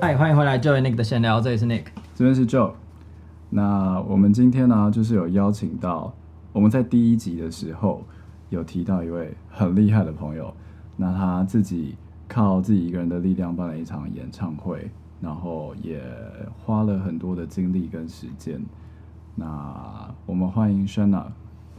嗨，歡迎回來，Joe and Nick 的閒聊。這裡是 Nick，這邊是 Joe。那我們今天呢，啊，就是有邀請到我們在第一集的時候有提到一位很厲害的朋友，那他自己靠自己一個人的力量辦了一場演唱會，然後也花了很多的精力跟時間。那我們歡迎 Shannon，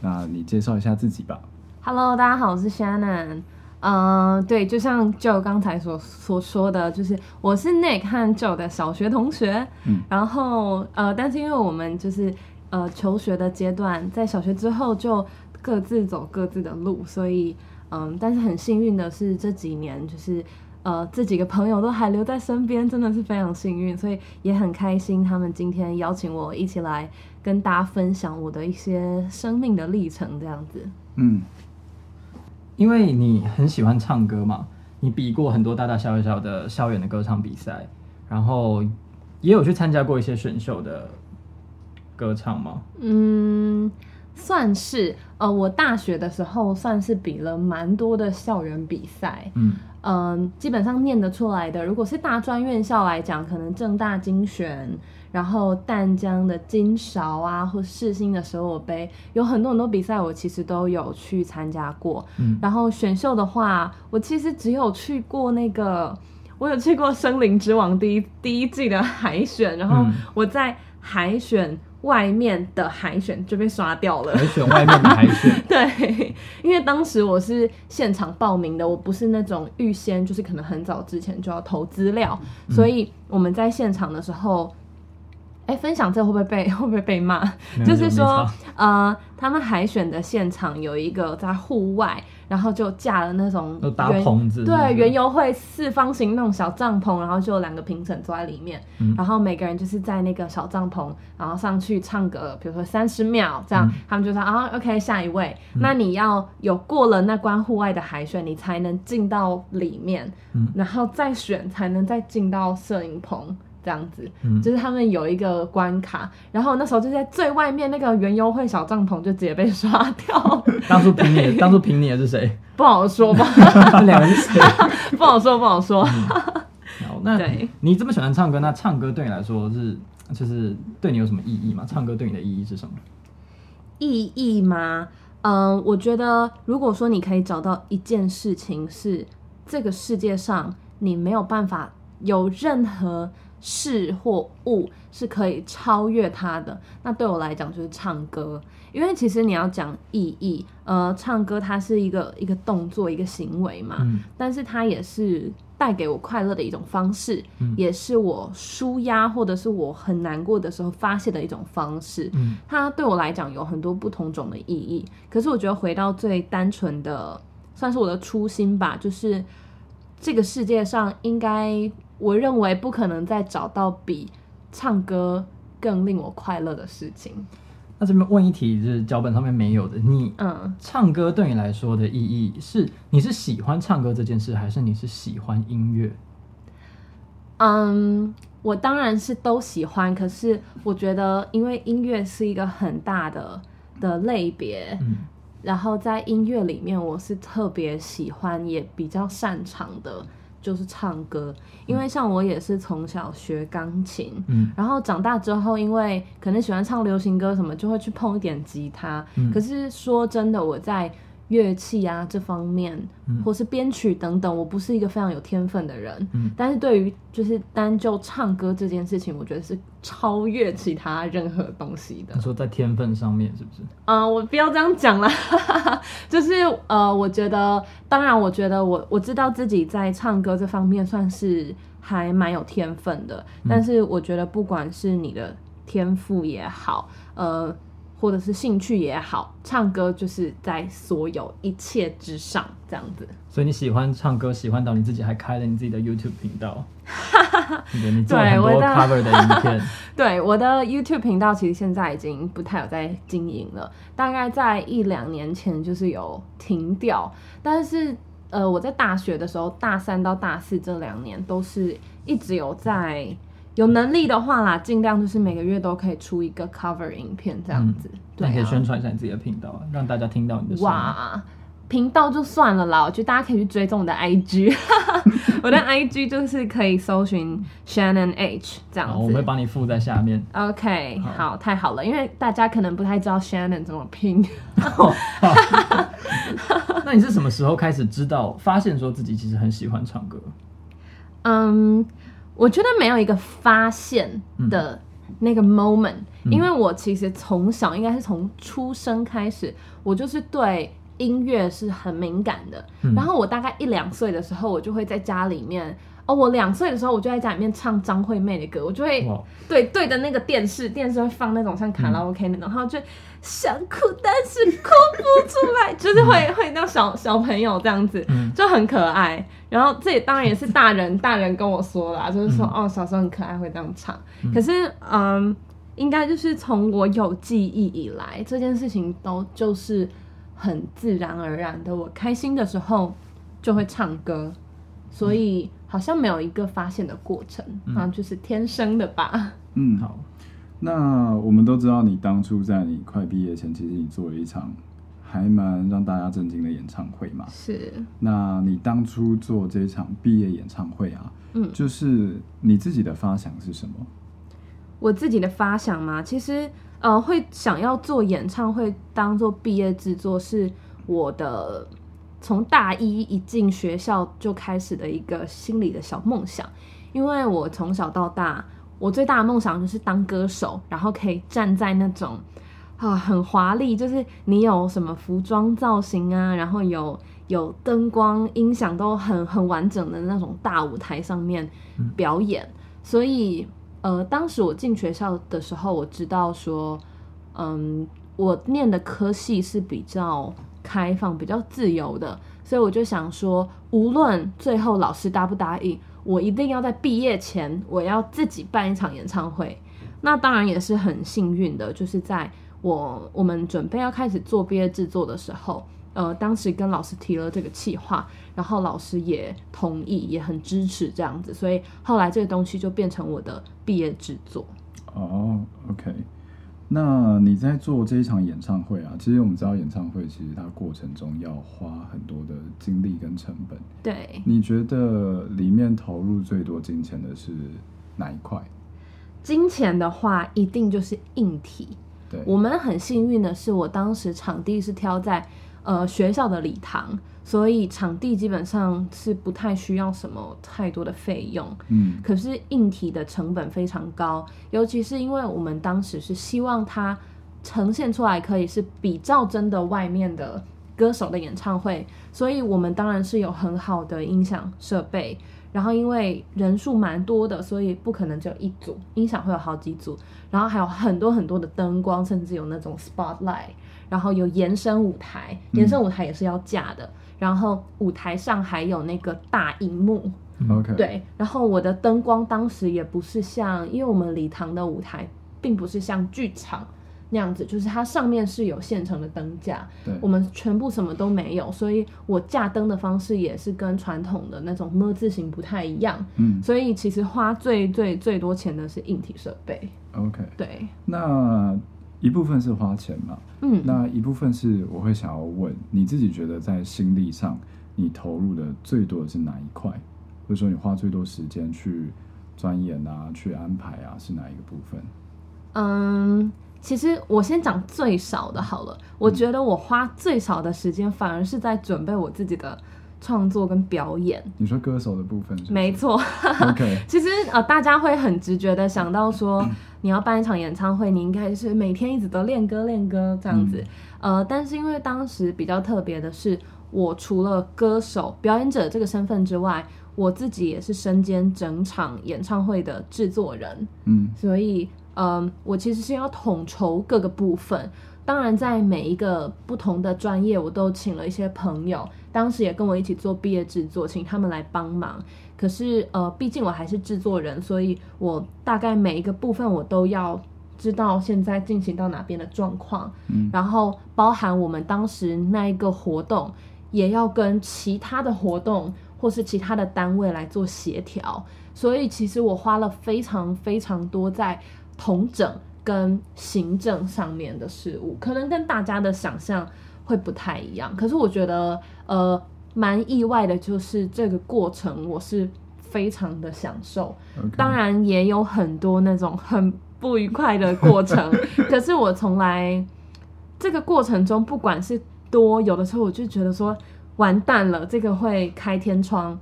那你介紹一下自己吧。Hello，大家好，我是 Shannon。嗯、uh,，對，就像 Joe 剛才所所說的就是，我是 Nick 和 Joe 的小學同學，嗯、然後呃，但是因為我們就是呃求學的階段，在小學之後就各自走各自的路，所以嗯、呃，但是很幸運的是這幾年就是呃這幾個朋友都還留在身邊，真的是非常幸運，所以也很開心他們今天邀請我一起來跟大家分享我的一些生命的歷程這樣子，嗯。因為你很喜歡唱歌嘛，你比過很多大大小小的校園的歌唱比賽，然後也有去參加過一些選秀的歌唱嗎？嗯，算是呃，我大學的時候算是比了蠻多的校園比賽。嗯、呃、基本上念得出來的。如果是大專院校來講，可能政大金旋。然後，淡江的金韶啊，或世新的舍我盃，有很多很多比賽，我其實都有去參加過，嗯。然後選秀的話，我其實只有去過那個，我有去過《聲林之王》第一第一季的海選，然後我在海選外面的海選就被刷掉了。海選外面的海選， 對，因為當時我是現場報名的，我不是那種預先，就是可能很早之前就要投資料，嗯、所以我們在現場的時候。哎，分享這會不會被會不會被罵？就是說，呃，他們海選的現場有一個在戶外，然後就架了那種搭棚子，對，園、嗯、遊會四方形那種小帳篷，然後就兩個評審坐在裡面、嗯，然後每個人就是在那個小帳篷，然後上去唱歌，比如說三十秒這樣、嗯，他們就說啊、哦、，OK，下一位、嗯，那你要有過了那關戶外的海選，你才能進到裡面，嗯、然後再選才能再進到攝影棚。這樣子，就是他們有一個關卡，嗯、然後那時候就在最外面那個園遊會小帳篷就直接被刷掉。當初憑你，當初憑你的是誰？不好說吧，不好說，不好說。 不好說，不好說嗯、好，那對你這麼喜歡唱歌，那唱歌對你來說是，就是對你有什麼意義嗎？唱歌對你的意義是什麼？意義嗎？嗯、呃，我覺得如果說你可以找到一件事情是，是這個世界上你沒有辦法有任何。是或物是可以超越它的，那對我來講就是唱歌，因為其實你要講意義，呃，唱歌它是一個一個動作，一個行為嘛，嗯、但是它也是帶給我快樂的一種方式，嗯、也是我舒壓或者是我很難過的時候發泄的一種方式，嗯、它對我來講有很多不同種的意義，可是我覺得回到最單純的，算是我的初心吧，就是這個世界上應該。我認為不可能再找到比唱歌更令我快樂的事情。那這邊問一題，就是腳本上面沒有的。你嗯，唱歌對你來說的意義是，你是喜歡唱歌這件事，還是你是喜歡音樂？嗯，我當然是都喜歡。可是我覺得，因為音樂是一個很大的的類別，嗯，然後在音樂裡面，我是特別喜歡也比較擅長的。就是唱歌，因為像我也是從小學鋼琴，嗯，然後長大之後，因為可能喜歡唱流行歌什麼，就會去碰一點吉他。嗯，可是說真的，我在，樂器啊，這方面，嗯、或是編曲等等，我不是一個非常有天分的人。嗯，但是對於就是單就唱歌這件事情，我覺得是超越其他任何東西的。他說在天分上面是不是？啊、呃，我不要這樣講啦 就是呃，我覺得，當然，我覺得我我知道自己在唱歌這方面算是還蠻有天分的。嗯、但是我覺得不管是你的天賦也好，呃。或者是興趣也好，唱歌就是在所有一切之上這樣子。所以你喜歡唱歌，喜歡到你自己還開了你自己的 YouTube 頻道，哈 你做了很多 cover 的影片。 對，我的， 對，我的 YouTube 頻道其實現在已經不太有在經營了，大概在一兩年前就是有停掉。但是呃，我在大學的時候，大三到大四這兩年都是一直有在。有能力的話啦，盡量就是每個月都可以出一個 cover 影片，這樣子，那可以宣傳一下你自己的頻道，啊，讓大家聽到你的聲音。哇，頻道就算了啦，我覺得大家可以去追蹤我的 IG， 我的 IG 就是可以搜尋 Shannon H 這樣子。我會幫你附在下面。OK，好，好，太好了，因為大家可能不太知道 Shannon 怎麼拼。 那你是什麼時候開始知道、發現說自己其實很喜歡唱歌？嗯、um,。我覺得沒有一個發現的那個 moment，嗯，因為我其實從小應該是從出生開始，我就是對音樂是很敏感的，嗯。然後我大概一兩歲的時候，我就會在家裡面。哦，我兩歲的時候，我就在家裡面唱張惠妹的歌，我就會對對着那個電視，電視會放那種像卡拉 OK 那種，嗯、然後就想哭，但是哭不出來， 就是會、嗯、會那種小小朋友這樣子、嗯，就很可愛。然後這當然也是大人， 大人跟我說了、啊，就是說、嗯、哦，小時候很可愛，會這樣唱。嗯、可是嗯，應該就是從我有記憶以來，這件事情都就是很自然而然的，我開心的時候就會唱歌，所以。嗯好像沒有一個發現的過程，嗯，啊，就是天生的吧？嗯，好。那我們都知道，你當初在你快畢業前，其實你做了一場還蠻讓大家震驚的演唱會嘛。是。那你當初做這一場畢業演唱會啊，嗯，就是你自己的發想是什麼？我自己的發想嘛，其實呃，會想要做演唱會當做畢業制作是我的。從大一一進學校就開始的一個心裡的小夢想，因為我從小到大，我最大的夢想就是當歌手，然後可以站在那種啊很華麗，就是你有什麼服裝造型啊，然後有有燈光音響都很很完整的那種大舞台上面表演。嗯、所以呃，當時我進學校的時候，我知道說，嗯，我念的科系是比較。開放比較自由的，所以我就想說，無論最後老師答不答應，我一定要在畢業前，我要自己辦一場演唱會。那當然也是很幸運的，就是在我我們準備要開始做畢業製作的時候，呃，當時跟老師提了這個計劃，然後老師也同意，也很支持這樣子，所以後來這個東西就變成我的畢業製作。哦，OK。那你在做這一場演唱會啊？其實我們知道，演唱會其實它過程中要花很多的精力跟成本。對，你覺得裡面投入最多金錢的是哪一塊？金錢的話，一定就是硬體。對，我們很幸運的是，我當時場地是挑在。呃，學校的禮堂，所以場地基本上是不太需要什麼太多的費用。嗯，可是硬體的成本非常高，尤其是因為我們當時是希望它呈現出來可以是比較真的外面的歌手的演唱會，所以我們當然是有很好的音響設備。然後因為人數蠻多的，所以不可能就一組音響會有好幾組，然後還有很多很多的燈光，甚至有那種 spotlight。然後有延伸舞台，延伸舞台也是要架的。嗯、然後舞台上還有那個大熒幕，okay. 對。然後我的燈光當時也不是像，因為我們禮堂的舞台並不是像劇場那樣子，就是它上面是有現成的燈架，我們全部什麼都沒有，所以我架燈的方式也是跟傳統的那種「ㄇ」字型不太一樣，嗯。所以其實花最最最多錢的是硬體設備。OK，對，那。一部分是花錢嘛，嗯，那一部分是我會想要問你自己，覺得在心力上你投入的最多的是哪一塊，或者說你花最多時間去鑽研啊、去安排啊，是哪一個部分？嗯，其實我先講最少的好了。我覺得我花最少的時間，反而是在準備我自己的。創作跟表演，你說歌手的部分是沒錯。哈、OK。 其實呃，大家會很直覺的想到說， 你要辦一場演唱會，你應該是每天一直都練歌練歌這樣子、嗯。呃，但是因為當時比較特別的是，我除了歌手表演者這個身份之外，我自己也是身兼整場演唱會的製作人。嗯，所以呃，我其實是要統籌各個部分。當然，在每一個不同的專業，我都請了一些朋友。當時也跟我一起做畢業制作，請他們來幫忙。可是，呃，畢竟我還是製作人，所以我大概每一個部分我都要知道現在進行到哪邊的狀況。嗯。然後，包含我們當時那一個活動，也要跟其他的活動或是其他的單位來做協調。所以，其實我花了非常非常多在統整跟行政上面的事務，可能跟大家的想象會不太一樣。可是，我覺得。呃，蠻意外的，就是這個過程我是非常的享受，okay. 當然也有很多那種很不愉快的過程。 可是我從來這個過程中，不管是多有的時候，我就覺得說完蛋了，這個會開天窗。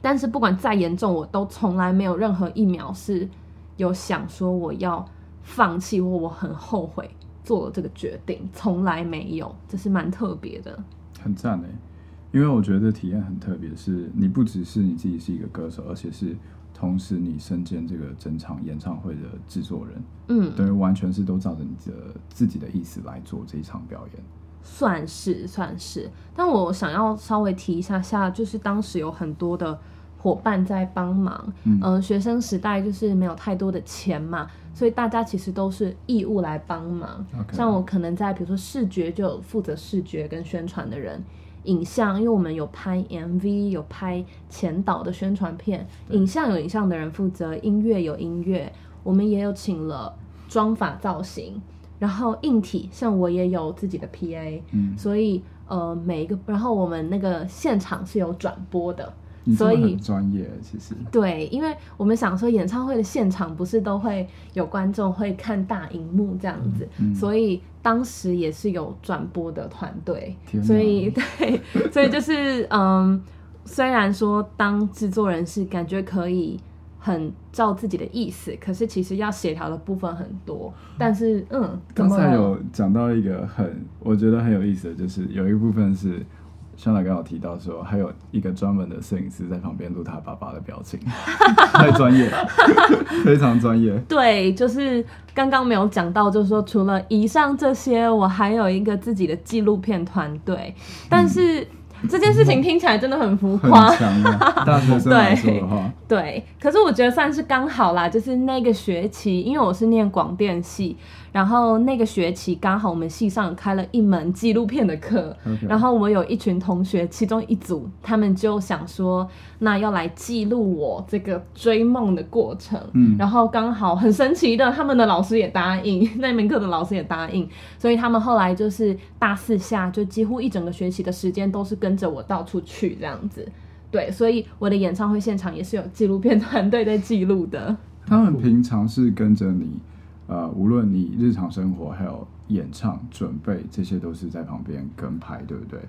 但是不管再嚴重，我都從來沒有任何一秒是有想說我要放棄，或我很後悔做了這個決定，從來沒有，這是蠻特別的。很讚誒、欸，因為我覺得體驗很特別，是你不只是你自己是一個歌手，而且是同時你身兼這個整場演唱會的制作人，嗯，等於完全是都照着你的自己的意思來做這一場表演，算是算是。但我想要稍微提一下下，就是當時有很多的夥伴在幫忙，嗯、呃，學生時代就是沒有太多的錢嘛。所以大家其實都是義務來幫忙。Okay. 像我可能在比如說視覺就負責視覺跟宣傳的人，影像因為我們有拍 MV 有拍前導的宣傳片，影像有影像的人負責音樂有音樂，我們也有請了妝髮造型，然後硬體像我也有自己的 PA，嗯，所以呃每一個然後我們那個現場是有轉播的。是是，所以很專業，其實對，因為我們想說演唱會的現場不是都會有觀眾會看大熒幕這樣子，嗯嗯，所以當時也是有轉播的團隊，所以對，所以就是 嗯，雖然說當製作人是感覺可以很照自己的意思，可是其實要協調的部分很多，但是嗯，剛才有講到一個很我覺得很有意思的就是有一部分是。剛才剛好提到說，還有一個專門的攝影師在旁邊錄他爸爸的表情， 太專業了， 非常專業。對，就是剛剛沒有講到，就是說除了以上這些，我還有一個自己的紀錄片團隊，但是、嗯。這件事情聽起來真的很浮誇很強啊， 對。對，可是我覺得算是剛好啦。就是那個學期，因為我是念廣電系，然後那個學期剛好我們系上開了一門紀錄片的課，Okay. 然後我有一群同學，其中一組他們就想說，那要來記錄我這個追夢的過程。嗯、然後剛好很神奇的，他們的老師也答應，那門課的老師也答應，所以他們後來就是大四下，就幾乎一整個學期的時間都是跟。跟着我到處去這樣子，對，所以我的演唱會現場也是有紀錄片團隊在記錄的。他們平常是跟着你，呃，無論你日常生活還有演唱準備，這些都是在旁邊跟拍，對不對？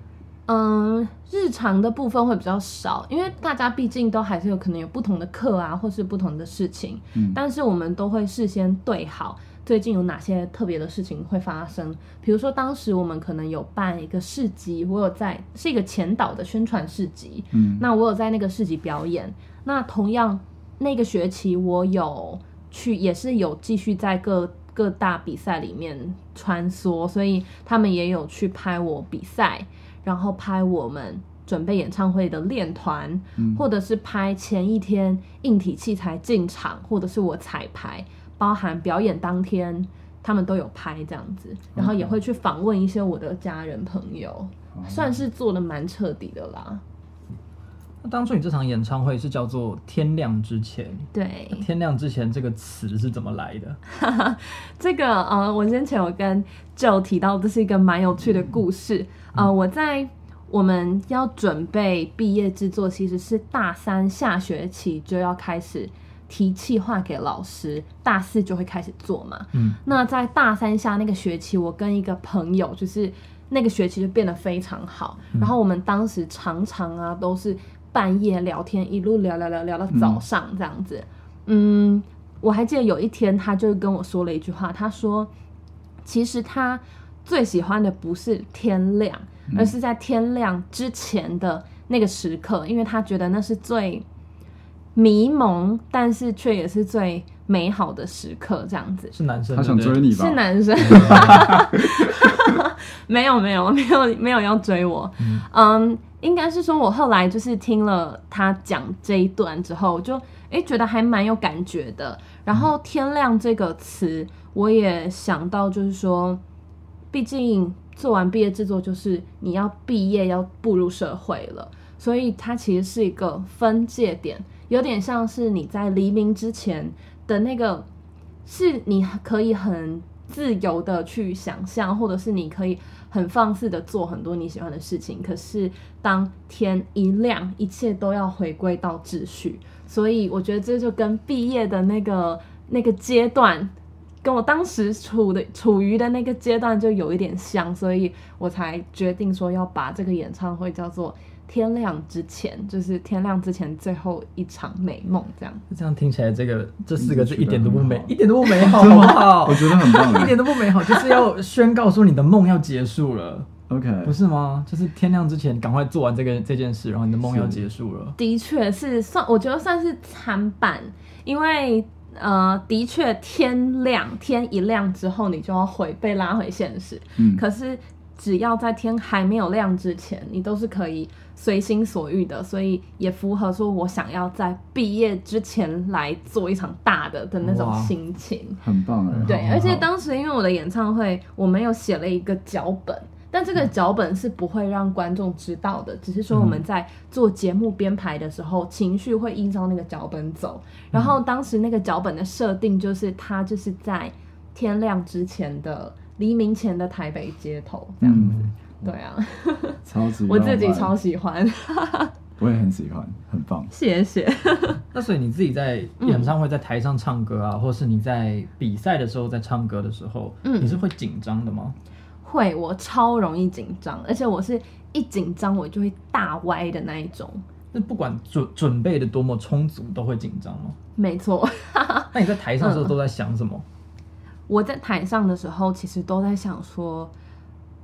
嗯，日常的部分會比較少，因為大家畢竟都還是有可能有不同的課啊，或是不同的事情，嗯。但是我們都會事先對好。最近有哪些特別的事情會發生？比如說，當時我們可能有辦一個市集，我有在是一個前導的宣傳市集，嗯，那我有在那個市集表演。那同樣，那個學期我有去，也是有繼續在各各大比賽裡面穿梭，所以他們也有去拍我比賽，然後拍我們準備演唱會的練團，嗯，或者是拍前一天硬體器材進場，或者是我彩排。包含表演當天，他們都有拍這樣子，然後也會去訪問一些我的家人朋友，okay. oh. 算是做得蠻徹底的啦。當初你這場演唱會是叫做《天亮之前》，對，《天亮之前》這個詞是怎麼來的？ 這個、呃、我先前有跟 Joe 提到，這是一個蠻有趣的故事、嗯。呃，我在我們要準備畢業制作，其實是大三下學期就要開始。提企劃給老師，大四就會開始做嘛。嗯，那在大三下那個學期，我跟一個朋友，就是那個學期就變得非常好、嗯。然後我們當時常常啊，都是半夜聊天，一路聊聊聊聊到早上這樣子。嗯，嗯我還記得有一天，他就跟我說了一句話，他說：“其實他最喜歡的不是天亮，嗯、而是在天亮之前的那個時刻，因為他覺得那是最。”迷濛，但是卻也是最美好的時刻，這樣子。是男生，他想追你吧？是男生， 沒有沒有沒有沒有要追我。嗯，um, 應該是說，我後來就是聽了他講這一段之後，就哎、欸、覺得還蠻有感覺的。然後“嗯、天亮”這個詞，我也想到，就是說，畢竟做完畢業制作，就是你要畢業，要步入社會了，所以它其實是一個分界點。有點像是你在黎明之前的那個，是你可以很自由的去想象，或者是你可以很放肆的做很多你喜歡的事情。可是當天一亮，一切都要回歸到秩序。所以我覺得這就跟畢業的那個那個階段，跟我當時處的處於的那個階段就有一點像，所以我才決定說要把這個演唱會叫做。天亮之前，就是天亮之前最後一場美夢，這樣。這樣聽起來，這個這四個字一點都不美，一點都不美好， 好不好？我覺得很棒，一點都不美好，就是要宣告說你的夢要結束了。OK，不是嗎？就是天亮之前，趕快做完這個這件事，然後你的夢要結束了。的確是算，我覺得算是慘版，因為呃，的確天亮，天一亮之後，你就要回被拉回現實。嗯，可是只要在天還沒有亮之前，你都是可以。隨心所欲的，所以也符合說我想要在畢業之前來做一場大的的那種心情，很棒、欸。對，而且當時因為我的演唱會，我們有寫了一個腳本，但這個腳本是不會讓觀眾知道的、嗯，只是說我們在做節目編排的時候，嗯、情緒會依照那個腳本走。然後當時那個腳本的設定就是，他就是在天亮之前的黎明前的台北街頭這樣子。嗯對啊 超，我自己超喜歡，我也很喜歡， 很棒。謝謝。 那所以你自己在演唱會，在台上唱歌啊，嗯、或是你在比賽的時候在唱歌的時候，嗯，你是會緊張的嗎？會，我超容易緊張，而且我是一緊張我就會大歪的那一種。那不管準準備的多麼充足，都會緊張嗎？沒錯。 那你在台上的時候都在想什麼？嗯、我在台上的時候，其實都在想說。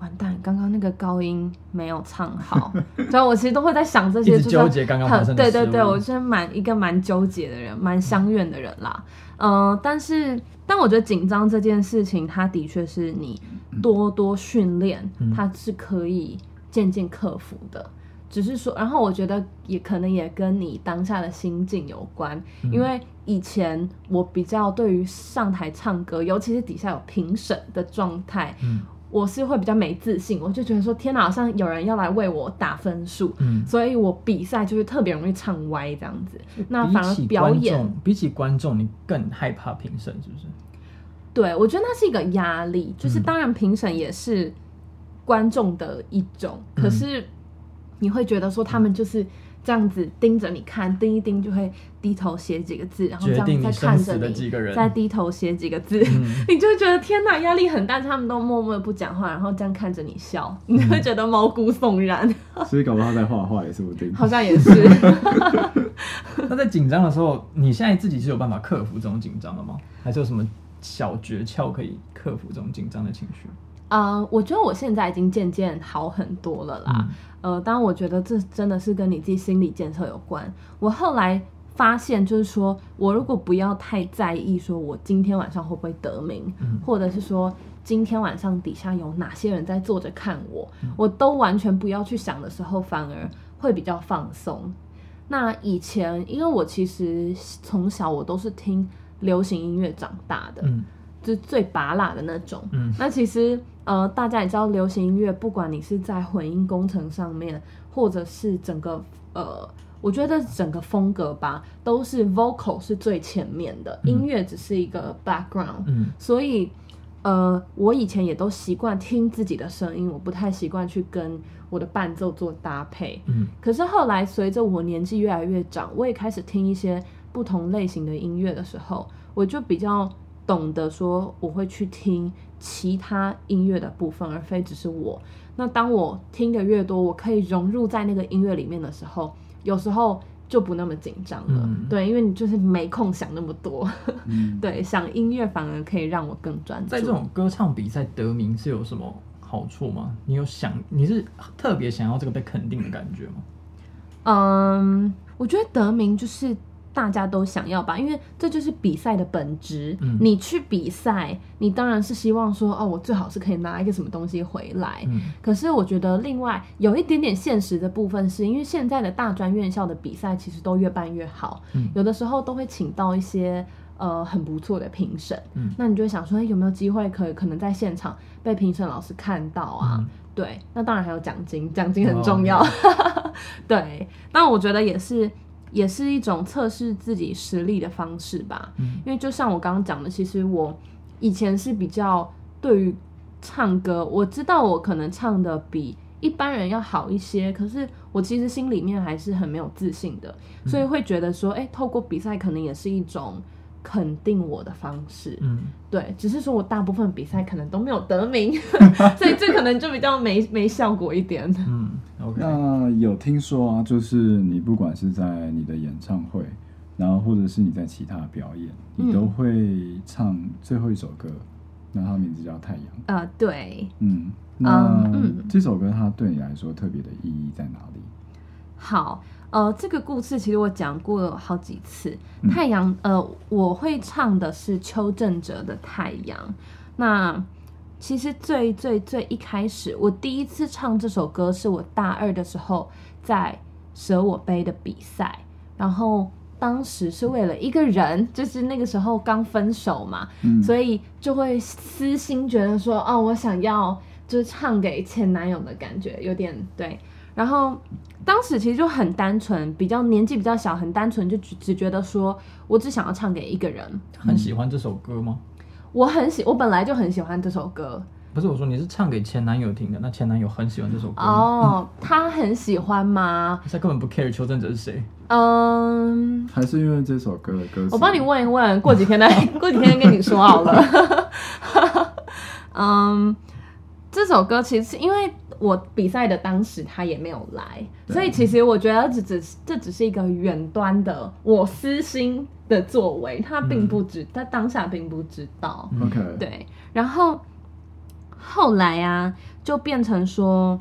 完蛋！剛剛那個高音沒有唱好， 所以，我其實都會在想這些，就是很糾結剛剛的對對對，我真的蠻一個蠻糾結的人，蠻相怨的人啦。嗯、呃，但是，但我覺得緊張這件事情，它的確是你多多訓練、嗯，它是可以漸漸克服的、嗯。只是說，然後我覺得也可能也跟你當下的心境有關，嗯、因為以前我比較對於上台唱歌，尤其是底下有評審的狀態，嗯。我是會比較沒自信，我就覺得說天哪，好像有人要來為我打分數，嗯，所以我比賽就是特別容易唱歪這樣子。那反而表演，比起觀眾，比起觀眾，你更害怕評審是不是？對，我覺得那是一個壓力，就是當然評審也是觀眾的一種，嗯，可是你會覺得說他們就是。這樣子盯着你看，盯一盯就會低頭寫幾個字，然後這樣再看着你，再低頭寫幾個字，嗯，你就會覺得天哪，壓力很大。他們都默默的不講話，然後這樣看着你笑，嗯，你會覺得毛骨悚然。所以，搞不好他在畫畫也是不盯，好像也是。 那在緊張的時候，你現在自己是有辦法克服這種緊張的嗎？還是有什麼小訣竅可以克服這種緊張的情緒？啊、uh，我覺得我現在已經漸漸好很多了啦。嗯、呃，當然，我覺得這真的是跟你自己心理建設有關。我後來發現，就是說我如果不要太在意，說我今天晚上會不會得名、嗯，或者是說今天晚上底下有哪些人在坐着看我，嗯、我都完全不要去想的時候，反而會比較放鬆。那以前，因為我其實從小我都是聽流行音樂長大的，嗯、就最芭樂的那種。嗯、那其實。呃，大家也知道，流行音樂，不管你是在混音工程上面，或者是整個呃，我覺得整個風格吧，都是 vocal 是最前面的，嗯。音樂只是一個 background。嗯。所以，呃，我以前也都習慣聽自己的聲音，我不太習慣去跟我的伴奏做搭配。嗯。可是後來隨着我年紀越來越長，我也開始聽一些不同類型的音樂的時候，我就比較懂得說，我會去聽。其他音樂的部分，而非只是我。那當我聽的越多，我可以融入在那個音樂裡面的時候，有時候就不那麼緊張了、嗯。對，因為你就是沒空想那麼多。嗯、 對，想音樂反而可以讓我更專注。在這種歌唱比賽得名是有什麼好處嗎？你有想，你是特別想要這個被肯定的感覺嗎？嗯，我覺得得名就是。大家都想要吧，因為這就是比賽的本質、嗯。你去比賽，你當然是希望說，哦，我最好是可以拿一個什麼東西回來。嗯、可是我覺得，另外有一點點現實的部分是，是因為現在的大專院校的比賽其實都越辦越好、嗯，有的時候都會請到一些呃很不錯的評審、嗯。那你就會想說，欸、有沒有機會可可能在現場被評審老師看到啊、嗯？對，那當然還有獎金，獎金很重要。Oh, okay. 對，那我覺得也是。也是一種測試自己實力的方式吧，嗯、因為就像我剛剛講的，其實我以前是比較對於唱歌，我知道我可能唱的比一般人要好一些，可是我其實心裡面還是很沒有自信的，嗯、所以會覺得說，哎、欸，透過比賽可能也是一種。肯定我的方式，嗯，對，只是說我大部分比賽可能都沒有得名， 所以這可能就比較沒沒效果一點。嗯，OK。那有聽說啊，就是你不管是在你的演唱會，然後或者是你在其他的表演，嗯，你都會唱最後一首歌，那它名字叫《太陽》。呃，對，嗯，那嗯，這首歌它對你來說特別的意義在哪裡？嗯嗯，好。呃，這個故事其實我講過了好幾次。嗯、太陽，呃，我會唱的是邱振哲的《太陽》。那其實最最最一開始，我第一次唱這首歌是我大二的時候在舍我杯的比賽。然後當時是為了一個人，就是那個時候剛分手嘛、嗯，所以就會私心覺得說，哦，我想要就是唱給前男友的感覺，有點對。然後當時其實就很單純，比較年紀比較小，很單純就只，就只覺得說我只想要唱給一個人。很喜歡這首歌嗎？我很喜，我本來就很喜歡這首歌。不是我說你是唱給前男友聽的，那前男友很喜歡這首歌哦？Oh, 他很喜歡嗎？嗯、他根本不 care 求證者是誰。嗯、um,，還是因為這首歌的歌詞。我幫你問一問，過幾天來， 過幾天跟你說好了。嗯、 um,，這首歌其實因為。我比賽的當時，他也沒有來，所以其實我覺得這只是，這只是一個遠端的我私心的作為，他並不知、嗯，他當下並不知道。Okay. 對。然後後來啊，就變成說，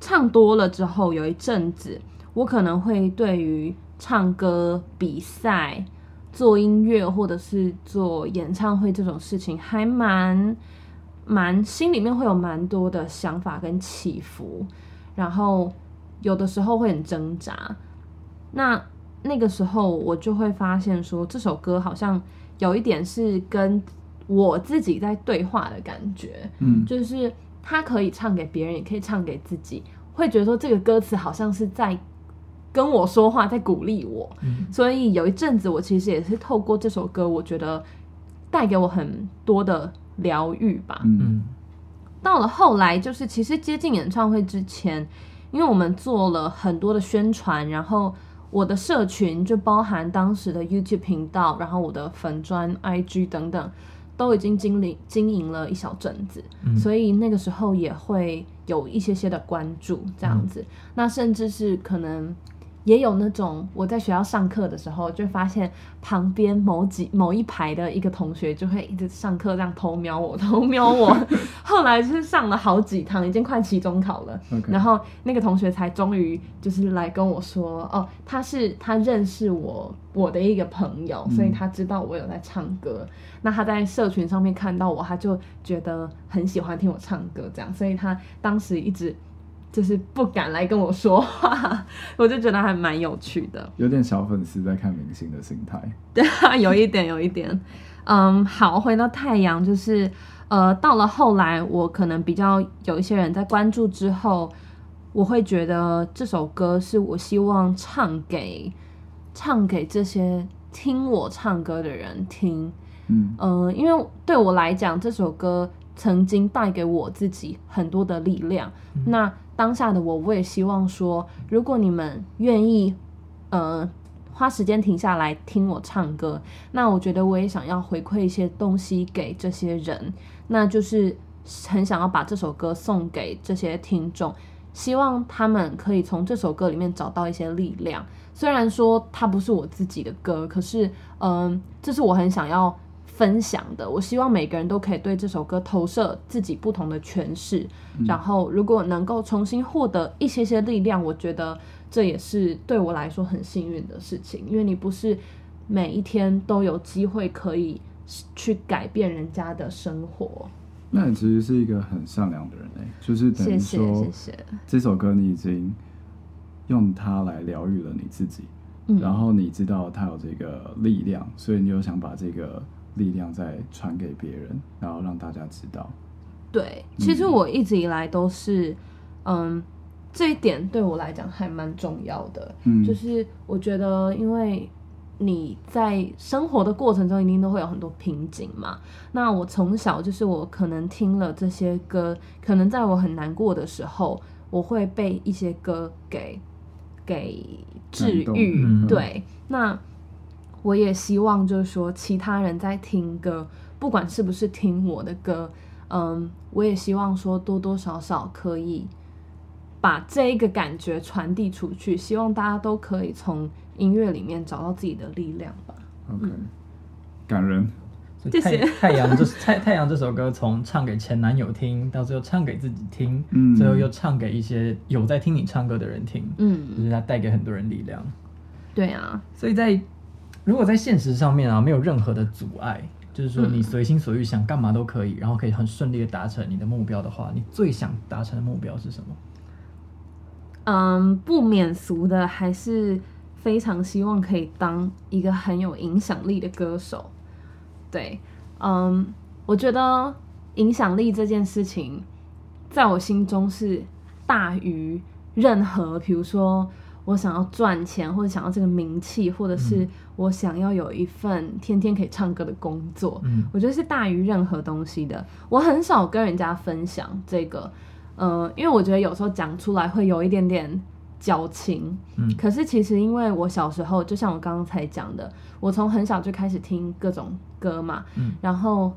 唱多了之後，有一陣子，我可能會對於唱歌、比賽、做音樂或者是做演唱會這種事情，還蠻。蠻，心裡面會有蠻多的想法跟起伏，然後有的時候會很掙扎。那那個時候我就會發現說，這首歌好像有一點是跟我自己在對話的感覺。嗯，就是他可以唱給別人，也可以唱給自己，會覺得說這個歌詞好像是在跟我說話，在鼓勵我。嗯。所以有一陣子，我其實也是透過這首歌，我覺得帶給我很多的。療癒吧。嗯，到了後來，就是其實接近演唱會之前，因為我們做了很多的宣傳，然後我的社群就包含當時的 YouTube 頻道，然後我的粉專、IG 等等，都已經經經營了一小陣子。嗯，所以那個時候也會有一些些的關注，這樣子。嗯。那甚至是可能。也有那種我在學校上課的時候，就發現旁邊某幾某一排的一個同學就會一直上課這樣偷瞄我，偷瞄我。 後來是上了好幾堂，已經快期中考了，Okay. 然後那個同學才終於就是來跟我說，哦，他是他認識我我的一個朋友，嗯，所以他知道我有在唱歌。那他在社群上面看到我，他就覺得很喜歡聽我唱歌，這樣，所以他當時一直。就是不敢來跟我說話，我就覺得還蠻有趣的，有點小粉絲在看明星的心態，對啊，有一點，有一點，嗯、um，好，回到太陽，就是呃，到了後來，我可能比較有一些人在關注之後，我會覺得這首歌是我希望唱給唱給這些聽我唱歌的人聽，嗯嗯、呃，因為對我來講，這首歌。曾經帶給我自己很多的力量。嗯、那當下的我，我也希望說，如果你們願意，呃，花時間停下來聽我唱歌，那我覺得我也想要回饋一些東西給這些人。那就是很想要把這首歌送給這些聽眾，希望他們可以從這首歌裡面找到一些力量。雖然說它不是我自己的歌，可是，嗯、呃，這、就是我很想要。分享的，我希望每個人都可以對這首歌投射自己不同的詮釋，嗯。然後，如果能夠重新獲得一些些力量，我覺得這也是對我來說很幸運的事情。因為你不是每一天都有機會可以去改變人家的生活。那你其實是一個很善良的人。哎、欸，就是等於說，謝謝，謝謝。這首歌你已經用它來療愈了你自己，嗯，然後你知道它有這個力量，所以你又想把這個。力量再傳給別人，然後讓大家知道。對，其實我一直以來都是，嗯，嗯，這一點對我來講還蠻重要的。嗯，就是我覺得，因為你在生活的過程中一定都會有很多瓶頸嘛。那我從小就是，我可能聽了這些歌，可能在我很難過的時候，我會被一些歌給給治癒。對，嗯，那。我也希望，就是說，其他人在聽歌，不管是不是聽我的歌，嗯，我也希望說多多少少可以把這一個感覺傳遞出去，希望大家都可以從音樂裡面找到自己的力量吧。OK，嗯，感人。謝謝。太陽就是 太太陽這首歌，從唱給前男友聽，到最後唱給自己聽，嗯，最後又唱給一些有在聽你唱歌的人聽，嗯，就是它帶給很多人力量。對啊，所以在。如果在現實上面啊，沒有任何的阻礙，就是說你隨心所欲想幹嘛都可以，嗯，然後可以很順利的達成你的目標的話，你最想達成的目標是什麼？嗯，不免俗的，還是非常希望可以當一個很有影響力的歌手。對，嗯，我覺得影響力這件事情，在我心中是大於任何，比如說。我想要賺錢，或者想要這個名氣，或者是我想要有一份天天可以唱歌的工作，嗯，我覺得是大於任何東西的。我很少跟人家分享這個，呃，因為我覺得有時候講出來會有一點點矯情，嗯。可是其實因為我小時候，就像我剛剛才講的，我從很小就開始聽各種歌嘛，嗯，然後。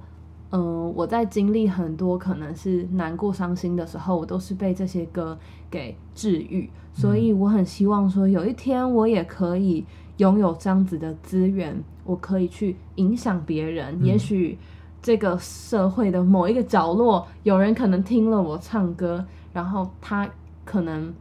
嗯，我在經歷很多可能是難過、傷心的時候，我都是被這些歌給治癒。所以我很希望說，有一天我也可以擁有這樣子的資源，我可以去影響別人，嗯。也許這個社會的某一個角落，有人可能聽了我唱歌，然後他可能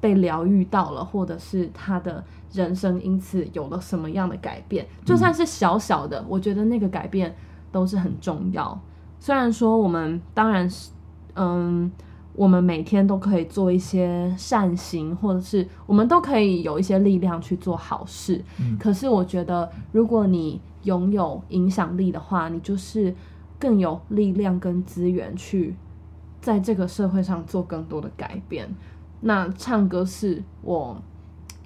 被療癒到了，或者是他的人生因此有了什麼樣的改變，嗯、就算是小小的，我覺得那個改變。都是很重要。雖然說我們當然是，嗯，我們每天都可以做一些善行，或者是我們都可以有一些力量去做好事。嗯，可是我覺得，如果你擁有影響力的話，你就是更有力量跟資源去在這個社會上做更多的改變。那唱歌是我，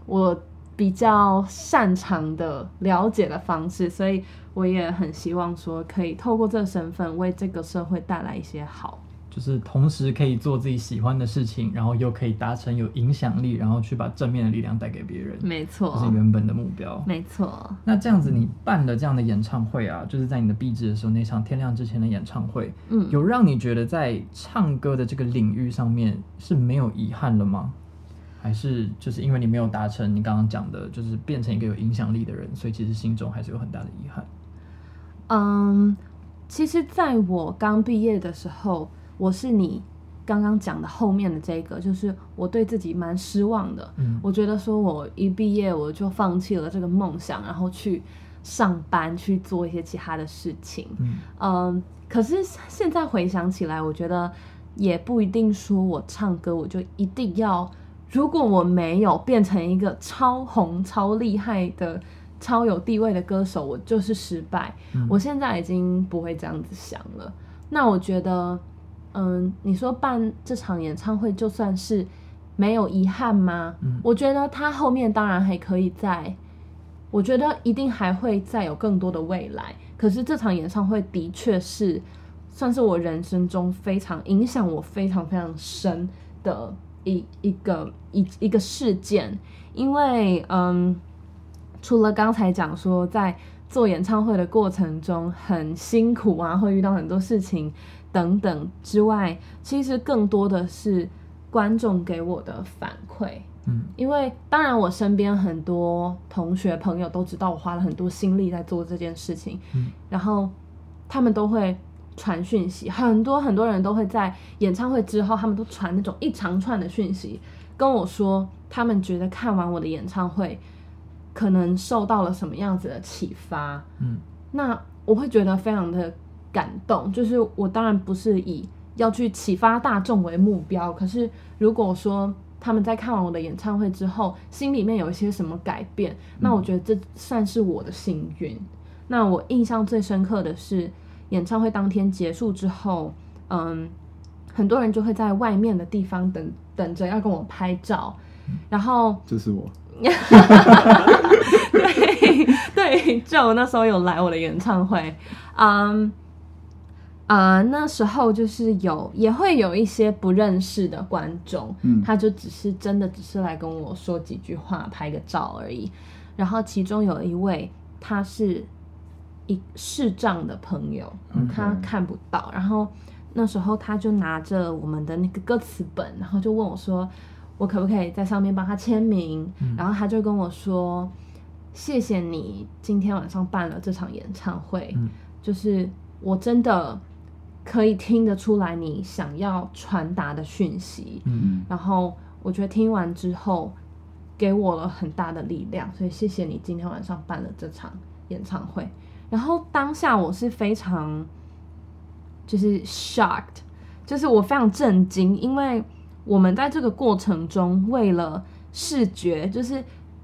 我比較擅長的了解的方式，所以。我也很希望說，可以透過這個身份為這個社會帶來一些好，就是同時可以做自己喜歡的事情，然後又可以達成有影響力，然後去把正面的力量帶給別人。沒錯，這、就是原本的目標。沒錯。那這樣子，你辦了這樣的演唱會啊，嗯、就是在你的畢製的時候那場天亮之前的演唱會，嗯，有讓你覺得在唱歌的這個領域上面是沒有遺憾了嗎？還是就是因為你沒有達成你剛剛講的，就是變成一個有影響力的人，所以其實心中還是有很大的遺憾？嗯，um，其實在我剛畢業的時候，我是你剛剛講的後面的這個，就是我對自己蠻失望的。嗯，我覺得說我一畢業我就放棄了這個夢想，然後去上班去做一些其他的事情。嗯，um, 可是現在回想起來，我覺得也不一定說我唱歌我就一定要，如果我沒有變成一個超紅超厲害的，超有地位的歌手，我就是失敗，嗯。我現在已經不會這樣子想了。那我覺得，嗯，你說辦這場演唱會就算是沒有遺憾嗎，嗯？我覺得他後面當然還可以再，我覺得一定還會再有更多的未來。可是這場演唱會的確是算是我人生中非常影響我非常非常深的一個一個一一個事件，因為嗯。除了剛才講說在做演唱會的過程中很辛苦啊，會遇到很多事情等等之外，其實更多的是觀眾給我的反饋。嗯，因為當然我身邊很多同學朋友都知道我花了很多心力在做這件事情，嗯，然後他們都會傳訊息，很多很多人都會在演唱會之後，他們都傳那種一長串的訊息跟我說，他們覺得看完我的演唱會。可能受到了什麼樣子的啟發。嗯，那我會覺得非常的感動。就是我當然不是以要去啟發大眾為目標，可是如果說他們在看完我的演唱會之後，心裡面有一些什麼改變，嗯、那我覺得這算是我的幸運。那我印象最深刻的是演唱會當天結束之後，嗯，很多人就會在外面的地方等等着要跟我拍照，嗯、然後這是我。 對對，就那時候有來我的演唱會，嗯啊，那時候就是有也會有一些不認識的觀眾，嗯、他就只是真的只是來跟我說幾句話、拍個照而已。然後其中有一位，他是一視障的朋友，okay. 他看不到。然後那時候他就拿着我們的那個歌詞本，然後就問我說。我可不可以在上面幫他簽名？嗯。然後他就跟我說：“謝謝你今天晚上辦了這場演唱會，”嗯，就是我真的可以聽得出來你想要傳達的訊息。嗯。然後我覺得聽完之後給我了很大的力量，所以謝謝你今天晚上辦了這場演唱會。然後當下我是非常就是 shocked，就是我非常震驚，因為。我們在這個過程中，為了視覺，就是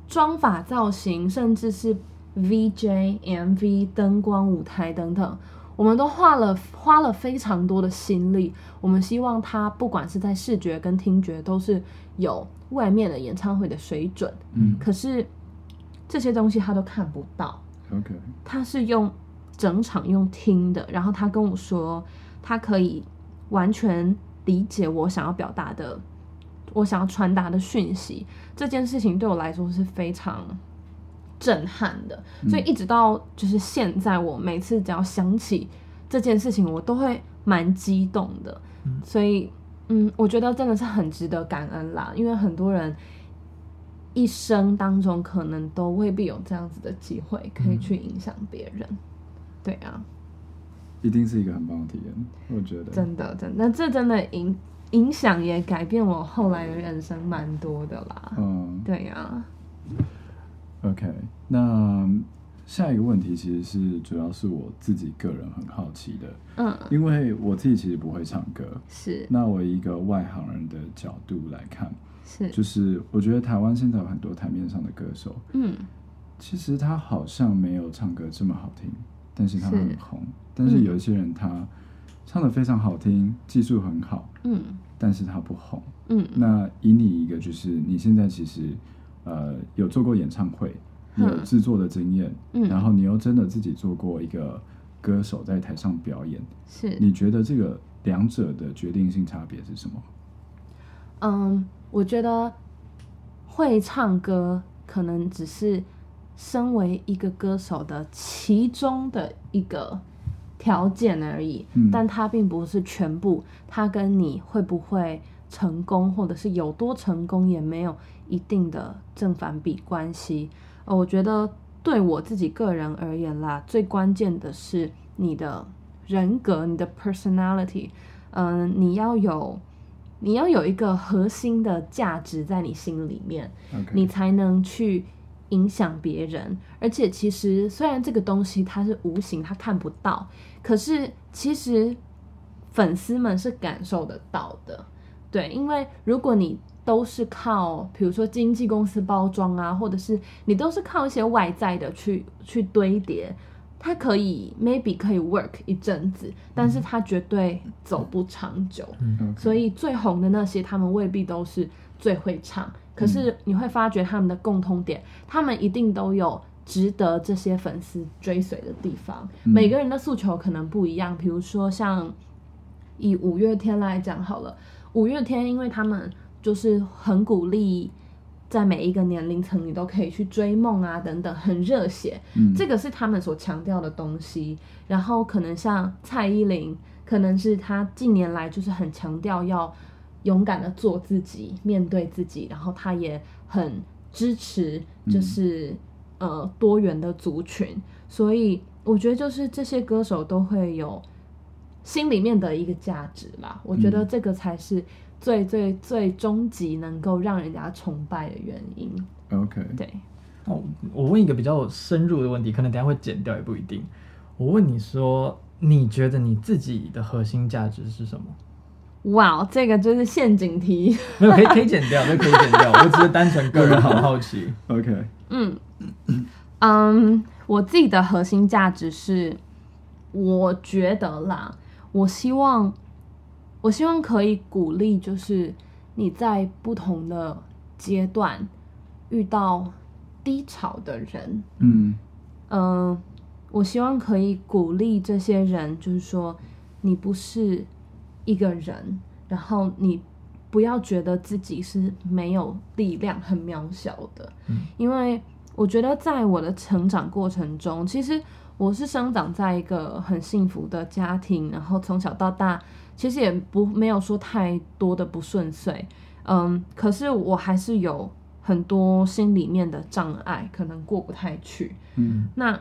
妝髮、造型，甚至是 V J M V 燈光舞台等等，我們都花了花了非常多的心力。我們希望他不管是在視覺跟聽覺，都是有外面的演唱會的水準。嗯，可是這些東西他都看不到。Okay. 他是用整場用聽的，然後他跟我說，他可以完全。理解我想要表達的，我想要傳達的訊息，這件事情對我來說是非常震撼的，嗯、所以一直到就是現在，我每次只要想起這件事情，我都會蠻激動的、嗯。所以，嗯，我覺得真的是很值得感恩啦，因為很多人一生當中可能都未必有這樣子的機會可以去影響別人、嗯，對啊。一定是一個很棒的體驗，我覺得真的，真的那這真的影影響也改變我後來的人生蠻多的啦。嗯，對呀、啊。OK，那下一個問題其實是主要是我自己個人很好奇的，嗯，因為我自己其實不會唱歌，是那我一個外行人的角度來看，是就是我覺得台灣現在有很多台面上的歌手，嗯，其實他好像沒有唱歌這麼好聽。但是他很紅、嗯，但是有一些人他唱的非常好聽，技術很好，嗯，但是他不紅，嗯。那以你一個就是你現在其實呃有做過演唱會，你有制作的經驗，嗯，然後你又真的自己做過一個歌手在台上表演，是、嗯，你覺得這個兩者的決定性差別是什麼？嗯，我覺得會唱歌可能只是。身為一個歌手的其中的一個條件而已、嗯，但他並不是全部。他跟你會不會成功，或者是有多成功，也沒有一定的正反比關係、呃。我覺得對我自己個人而言啦，最關鍵的是你的人格，你的 personality，嗯、呃，你要有，你要有一個核心的價值在你心裡面，Okay. 你才能去。影響別人，而且其實雖然這個東西它是無形，他看不到，可是其實粉絲們是感受得到的，對，因為如果你都是靠，比如說經紀公司包裝啊，或者是你都是靠一些外在的去去堆疊，它可以 maybe 可以 work 一陣子，但是它絕對走不長久。嗯，所以最紅的那些，他們未必都是最會唱。可是你會發覺他們的共通點、嗯，他們一定都有值得這些粉絲追隨的地方。嗯、每個人的訴求可能不一樣，比如說像以五月天來講好了，五月天因為他們就是很鼓勵在每一個年齡層你都可以去追夢啊等等，很熱血，嗯、這個是他們所強調的東西。然後可能像蔡依林，可能是她近年來就是很強調要，勇敢的做自己，面對自己，然後他也很支持，就是、嗯、呃多元的族群，所以我覺得就是這些歌手都會有心裡面的一個價值吧、嗯。我覺得這個才是最最最終極能夠讓人家崇拜的原因。OK，對。哦、oh,，我問一個比較深入的問題，可能等下會剪掉也不一定。我問你說，你覺得你自己的核心價值是什麼？哇、wow，這個就是陷阱題。 沒有，可以可以剪掉，都可以剪掉。我只是單純個人好好奇。 OK 嗯。嗯嗯嗯，我自己的核心價值是，我覺得啦，我希望，我希望可以鼓勵，就是你在不同的階段遇到低潮的人，嗯嗯，我希望可以鼓勵這些人，就是說你不是。一個人，然後你不要覺得自己是沒有力量、很渺小的。嗯，因為我覺得在我的成長過程中，其實我是生長在一個很幸福的家庭，然後從小到大，其實也不沒有說太多的不順遂，嗯，可是我還是有很多心裡面的障礙，可能過不太去，嗯，那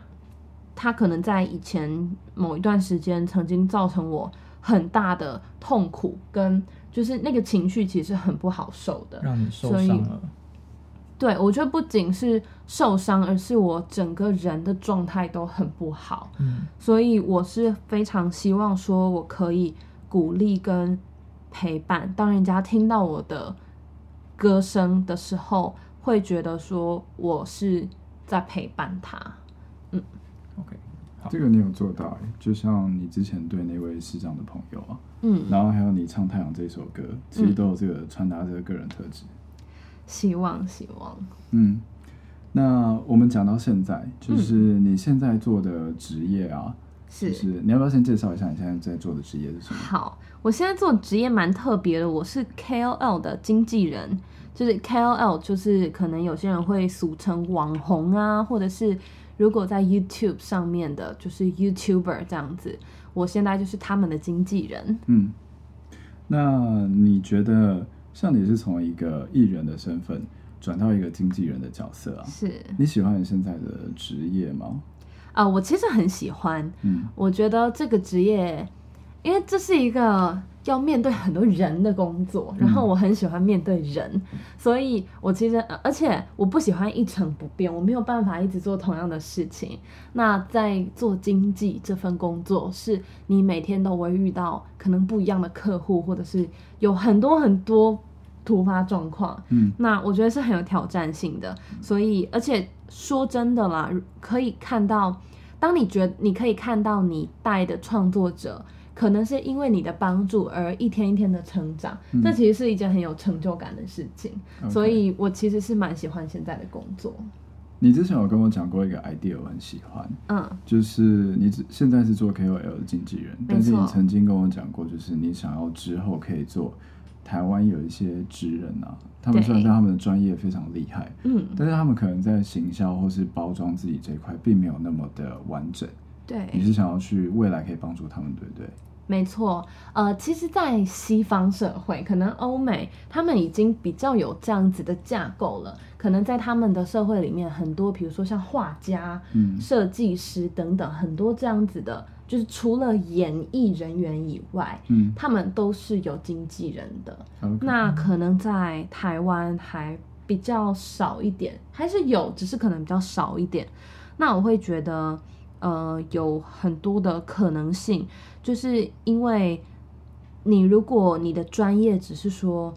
他可能在以前某一段時間曾經造成我。很大的痛苦跟，就是那個情緒其實很不好受的，讓你受傷了。所以對，我覺得不僅是受傷，而是我整個人的狀態都很不好，嗯。所以我是非常希望說我可以鼓勵跟陪伴，當人家聽到我的歌聲的時候，會覺得說我是在陪伴他。這個你有做到哎、欸、嗯，就像你之前對那位市長的朋友啊，嗯，然後還有你唱《太陽》這首歌，其實都有這個傳達這個個人特質。希望，希望。嗯，那我們講到現在，就是你現在做的職業啊，嗯就是是，你要不要先介紹一下你現在在做的職業是什麼？好，我現在做職業蠻特別的，我是 KOL 的經紀人，就是 KOL，就是可能有些人會俗稱網紅啊，或者是。如果在 YouTube 上面的，就是 YouTuber 這樣子，我現在就是他們的經紀人。嗯，那你覺得，像你是從一個藝人的身份轉到一個經紀人的角色啊，是你喜歡你現在的職業嗎？啊、呃，我其實很喜歡。嗯，我覺得這個職業，因為這是一個。要面對很多人的工作。嗯，然後我很喜歡面對人，所以我其實而且我不喜歡一成不變，我沒有辦法一直做同樣的事情。那在做經紀這份工作，是你每天都會遇到可能不一樣的客戶，或者是有很多很多突發狀況。嗯，那我覺得是很有挑戰性的。所以，而且說真的啦，可以看到，當你覺得你可以看到你帶的創作者，可能是因為你的幫助而一天一天的成長，這、嗯、其實是一件很有成就感的事情。嗯、所以我其實是蠻喜歡現在的工作。你之前有跟我講過一個 idea，我很喜歡，嗯，就是你現在是做 K O L 的經紀人，沒錯，但是你曾經跟我講過，就是你想要之後可以做台灣有一些職人啊，他們雖然在他們的專業非常厲害，嗯，但是他們可能在行銷或是包裝自己這一塊，並沒有那麼的完整。對，你是想要去未來可以幫助他們，對不對？沒錯，呃，其實，在西方社會，可能歐美他們已經比較有這樣子的架構了。可能在他們的社會裡面，很多，比如說像畫家、嗯、設計師等等，很多這樣子的，就是除了演藝人員以外，嗯、他們都是有經紀人的。Okay. 那可能在台灣還比較少一點，還是有，只是可能比較少一點。那我會覺得。呃，有很多的可能性，就是因為你如果你的專業只是說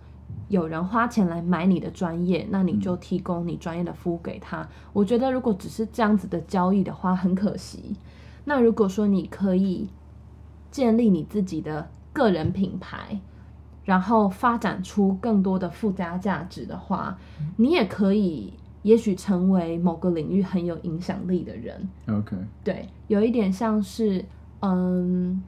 有人花錢來買你的專業，那你就提供你專業的服務給他。我覺得如果只是這樣子的交易的話，很可惜。那如果說你可以建立你自己的個人品牌，然後發展出更多的附加價值的話，你也可以。也許成為某個領域很有影響力的人。OK，對，有一點像是，嗯，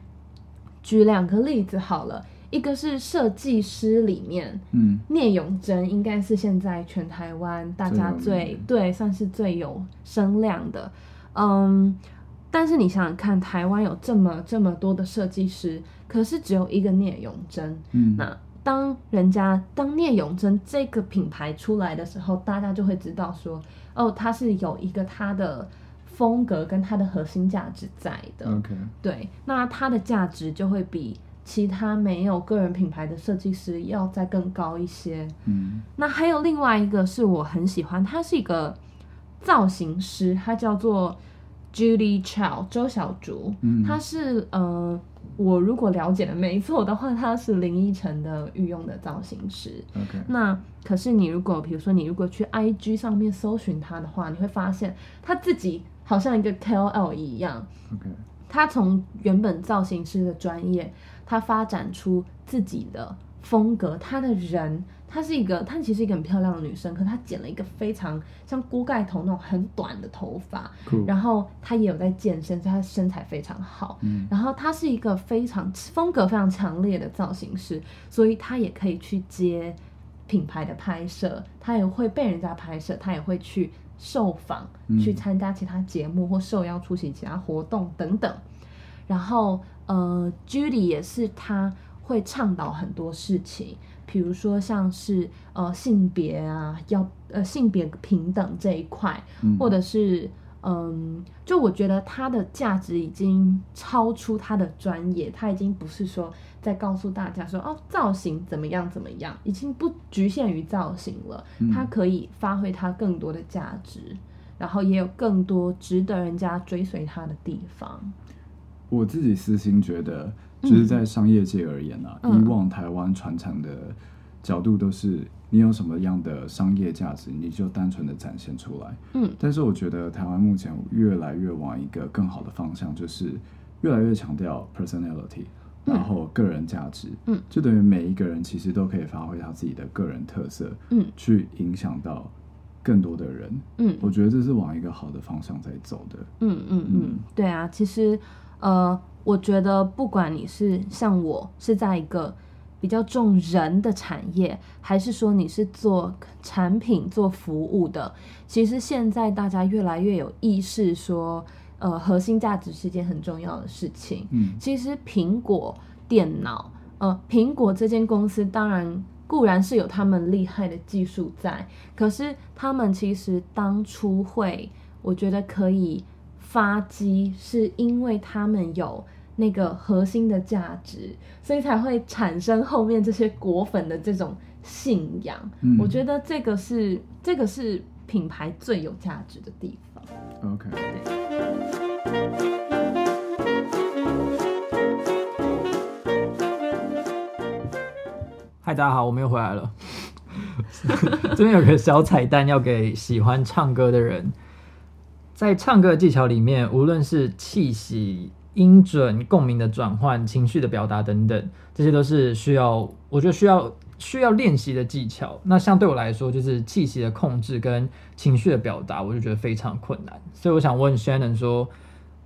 舉兩個例子好了，一個是設計師裡面，嗯，聶永真應該是現在全台灣大家最，對，算是最有聲量的，嗯，但是你想想看，台灣有這麼這麼多的設計師，可是只有一個聶永真，嗯，那。當人家當聶永真這個品牌出來的時候，大家就會知道說，哦，他是有一個他的風格跟他的核心價值在的。Okay. 對，那他的價值就會比其他沒有個人品牌的設計師要再更高一些。嗯、那還有另外一個是我很喜歡，他是一個造型師，他叫做 Judy Chow，周小竹。他、嗯、是呃。我如果了解的沒錯的話，他是林依晨的御用的造型師。Okay. 那可是你如果，比如說你如果去 IG 上面搜尋他的話，你會發現他自己好像一個 KOL 一樣。Okay. 他從原本造型師的專業，他發展出自己的風格，他的人。她是一個，她其實是一個很漂亮的女生，可她剪了一個非常像鍋蓋頭那種很短的頭髮，Cool. 然後她也有在健身，所以她身材非常好。嗯，然後她是一個非常風格非常強烈的造型師，所以她也可以去接品牌的拍攝，她也會被人家拍攝，她也會去受訪，嗯。去參加其他節目或受邀出席其他活動等等，然後呃，Judy 也是她會倡導很多事情。比如說，像是呃性別啊，要呃性別平等這一塊，嗯、或者是嗯，就我覺得它的價值已經超出它的專業，它已經不是說在告訴大家說哦造型怎麼樣怎麼樣，已經不局限於造型了，嗯，它可以發揮它更多的價值，然後也有更多值得人家追隨它的地方。我自己私心覺得。就是在商業界而言啊，以往台灣傳承的角度都是你有什麼樣的商業價值，你就單純的展現出來。嗯，但是我覺得台灣目前越來越往一個更好的方向，就是越來越強調 personality，然後個人價值。嗯，就等於每一個人其實都可以發揮他自己的個人特色，嗯，去影響到更多的人。嗯，我覺得這是往一個好的方向在走的。嗯嗯嗯，嗯，對啊，其實呃。我覺得，不管你是像我是在一個比較重人的產業，還是說你是做產品做服務的，其實現在大家越來越有意識說，說呃，核心價值是一件很重要的事情。嗯。其實蘋果電腦，呃，蘋果這間公司當然固然是有他們厲害的技術在，可是他們其實當初會，我覺得可以。發跡是因為他們有那個核心的價值，所以才會產生後面這些果粉的這種信仰。嗯、我覺得這個是這個是品牌最有價值的地方。OK。嗨，大家好，我們又回來了。 這邊有個小彩蛋要給喜歡唱歌的人。在唱歌技巧裡面，無論是氣息、音準、共鳴的轉換、情緒的表達等等，這些都是需要，我覺得需要需要練習的技巧。那像對我來說，就是氣息的控制跟情緒的表達，我就覺得非常困難。所以我想問 Shannon 說，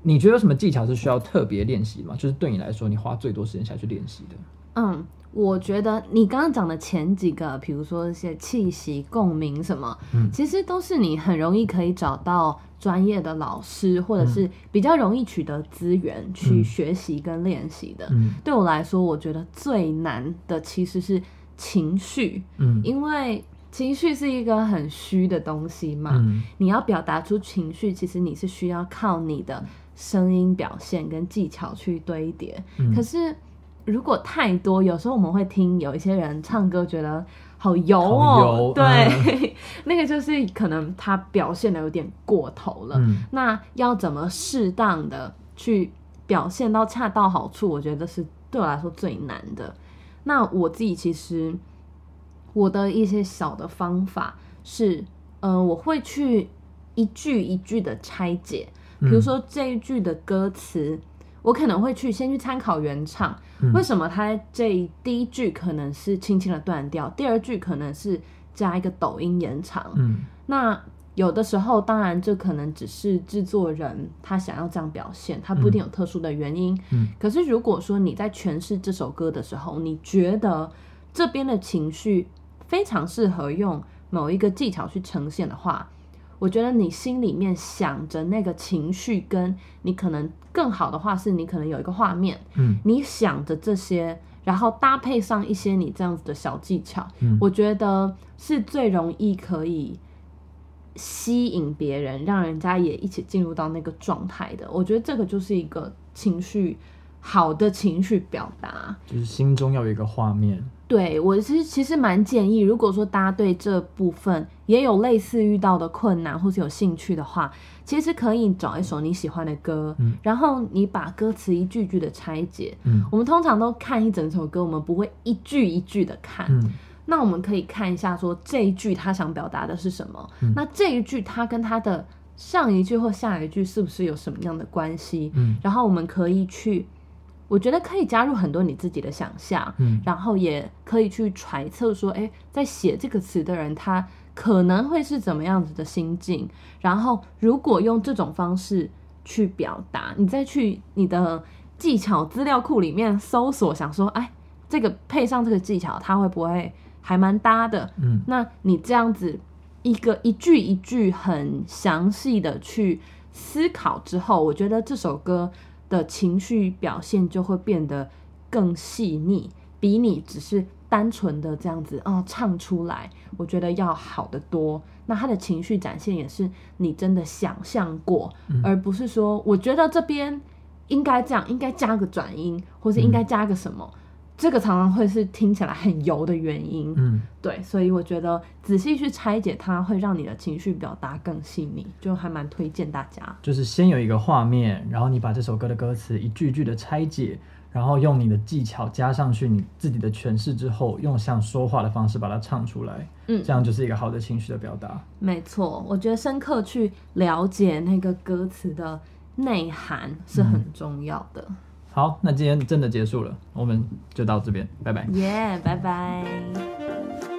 你覺得有什麼技巧是需要特別練習嗎？就是對你來說，你花最多時間下去練習的？嗯，我覺得你剛剛講的前幾個，比如說一些氣息、共鳴什麼，嗯，其實都是你很容易可以找到。專業的老師，或者是比較容易取得資源去學習跟練習的、嗯嗯。對我來說，我覺得最難的其實是情緒、嗯，因為情緒是一個很虛的東西嘛。嗯、你要表達出情緒，其實你是需要靠你的聲音表現跟技巧去堆疊、嗯。可是如果太多，有時候我們會聽有一些人唱歌，覺得。好油哦、喔，對，呃、 那個就是可能他表現的有點過頭了。嗯、那要怎麼適當的去表現到恰到好處？我覺得是對我來說最難的。那我自己其實我的一些小的方法是，呃，我會去一句一句的拆解，嗯、比如說這一句的歌詞。我可能會去先去參考原唱，嗯，為什麼他這第一句可能是輕輕的斷掉，第二句可能是加一個抖音延長？嗯，那有的時候，當然這可能只是製作人他想要這樣表現，他不一定有特殊的原因。嗯，可是如果說你在詮釋這首歌的時候，嗯，你覺得這邊的情緒非常適合用某一個技巧去呈現的話，我覺得你心裡面想着那個情緒，跟你可能更好的話，是你可能有一個畫面，嗯，你想着這些，然後搭配上一些你這樣子的小技巧，嗯，我覺得是最容易可以吸引別人，讓人家也一起進入到那個狀態的。我覺得這個就是一個情緒好的情緒表達，就是心中要有一個畫面。對我其實其實蠻建議，如果說大家對這部分也有類似遇到的困難，或是有興趣的話，其實可以找一首你喜歡的歌，嗯、然後你把歌詞一句句的拆解、嗯。我們通常都看一整首歌，我們不會一句一句的看。嗯、那我們可以看一下說，說這一句他想表達的是什麼、嗯？那這一句他跟他的上一句或下一句是不是有什麼樣的關係？嗯、然後我們可以去。我覺得可以加入很多你自己的想象，嗯，然後也可以去揣測說，誒，在寫這個詞的人他可能會是怎麼樣子的心境，然後如果用這種方式去表達，你再去你的技巧資料庫裡面搜索，想說，哎，這個配上這個技巧，它會不會還蠻搭的？嗯，那你這樣子一個一句一句很詳細的去思考之後，我覺得這首歌。的情緒表現就會變得更細膩，比你只是單純的這樣子啊、哦、唱出來，我覺得要好得多。那他的情緒展現也是你真的想象過，嗯、而不是說我覺得這邊應該這樣，應該加個轉音，或是應該加個什麼。嗯這個常常會是聽起來很油的原因。嗯，對，所以我覺得仔細去拆解它，會讓你的情緒表達更細膩，就還蠻推薦大家。就是先有一個畫面，然後你把這首歌的歌詞一句句的拆解，然後用你的技巧加上去你自己的詮釋之後，用像說話的方式把它唱出來。嗯，這樣就是一個好的情緒的表達。沒錯，我覺得深刻去了解那個歌詞的內涵是很重要的。嗯好，那今天真的結束了，我們就到這邊，拜拜。耶，yeah，拜拜。